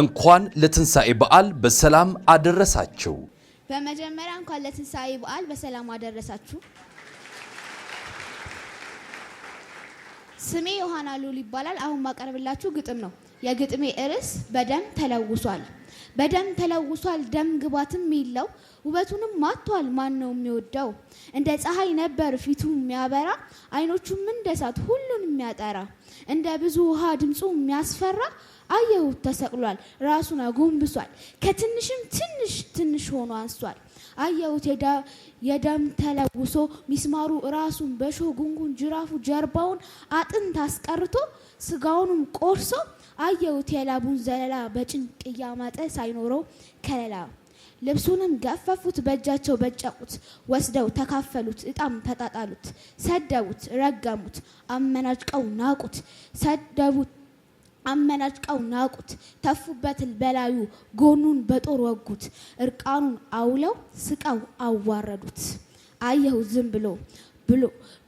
እንኳን ለትንሣኤ በዓል በሰላም አደረሳችሁ። በመጀመሪያ እንኳን ለትንሣኤ በዓል በሰላም አደረሳችሁ። ስሜ ዮሐና ሉል ይባላል። አሁን ማቀርብላችሁ ግጥም ነው። የግጥሜ ርዕስ በደም ተለውሷል። በደም ተለውሷል ደም ግባትም የለው ውበቱንም ማጥቷል ማን ነው የሚወደው? እንደ ፀሐይ ነበር ፊቱ የሚያበራ አይኖቹም እንደ እሳት ሁሉን የሚያጠራ እንደ ብዙ ውሃ ድምፁ የሚያስፈራ አየሁት ተሰቅሏል ራሱን አጎንብሷል ከትንሽም ትንሽ ትንሽ ሆኖ አንሷል። አየሁት የደም ተለውሶ ሚስማሩ ራሱን በሾ ጉንጉን ጅራፉ ጀርባውን አጥንት አስቀርቶ ስጋውንም ቆርሶ አየሁት የላቡን ዘለላ በጭንቅ እያማጠ ሳይኖረው ከለላ። ልብሱንም ገፈፉት በእጃቸው በጨቁት፣ ወስደው ተካፈሉት፣ እጣም ተጣጣሉት። ሰደቡት፣ ረገሙት፣ አመናጭቀው ናቁት። ሰደቡት፣ አመናጭቀው ናቁት። ተፉበትን በላዩ ጎኑን በጦር ወጉት። እርቃኑን አውለው ስቀው አዋረዱት። አየሁ ዝም ብሎ ብሎ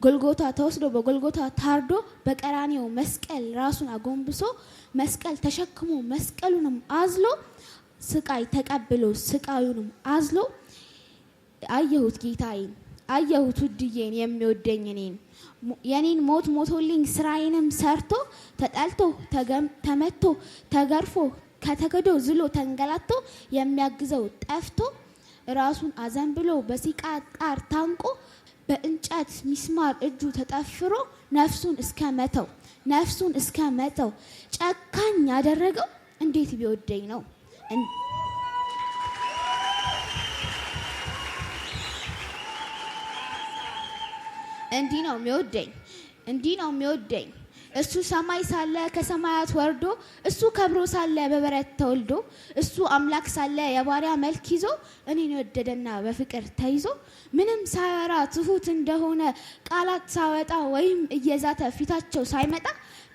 ጎልጎታ ተወስዶ በጎልጎታ ታርዶ በቀራኔው መስቀል ራሱን አጎንብሶ መስቀል ተሸክሞ መስቀሉንም አዝሎ ስቃይ ተቀብሎ ስቃዩንም አዝሎ አየሁት ጌታዬን፣ አየሁት ውድዬን የሚወደኝ እኔን የኔን ሞት ሞቶልኝ ስራዬንም ሰርቶ ተጠልቶ ተመቶ ተገርፎ ከተገዶ ዝሎ ተንገላቶ የሚያግዘው ጠፍቶ ራሱን አዘንብሎ በሲቃጣር ታንቆ በእንጨት ሚስማር እጁ ተጠፍሮ ነፍሱን እስከ መተው ነፍሱን እስከ መተው ጨካኝ ያደረገው እንዴት ቢወደኝ ነው? እንዲህ ነው የሚወደኝ፣ እንዲህ ነው የሚወደኝ እሱ ሰማይ ሳለ ከሰማያት ወርዶ እሱ ከብሮ ሳለ በበረት ተወልዶ እሱ አምላክ ሳለ የባሪያ መልክ ይዞ እኔን ወደደና በፍቅር ተይዞ ምንም ሳያወራ ትሁት እንደሆነ ቃላት ሳወጣ ወይም እየዛተ ፊታቸው ሳይመጣ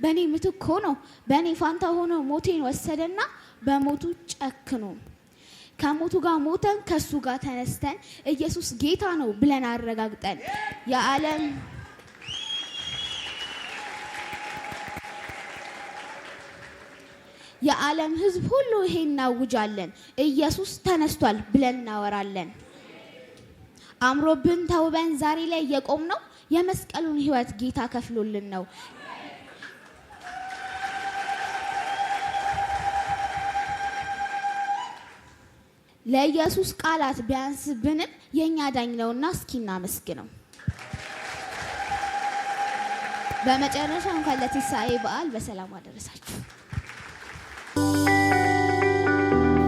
በእኔ ምትክ ሆኖ በእኔ ፋንታ ሆኖ ሞቴን ወሰደና በሞቱ ጨክኖ ከሞቱ ጋር ሞተን ከሱ ጋር ተነስተን ኢየሱስ ጌታ ነው ብለን አረጋግጠን የዓለም የዓለም ሕዝብ ሁሉ ይሄ እናውጃለን፣ ኢየሱስ ተነስቷል ብለን እናወራለን። አምሮብን ተውበን ዛሬ ላይ የቆም ነው የመስቀሉን ሕይወት ጌታ ከፍሎልን ነው። ለኢየሱስ ቃላት ቢያንስብንም የእኛ ዳኝ ነውና እስኪ እናመስግነው። በመጨረሻ እንኳን ለትንሣኤ በዓል በሰላም አደረሳችሁ።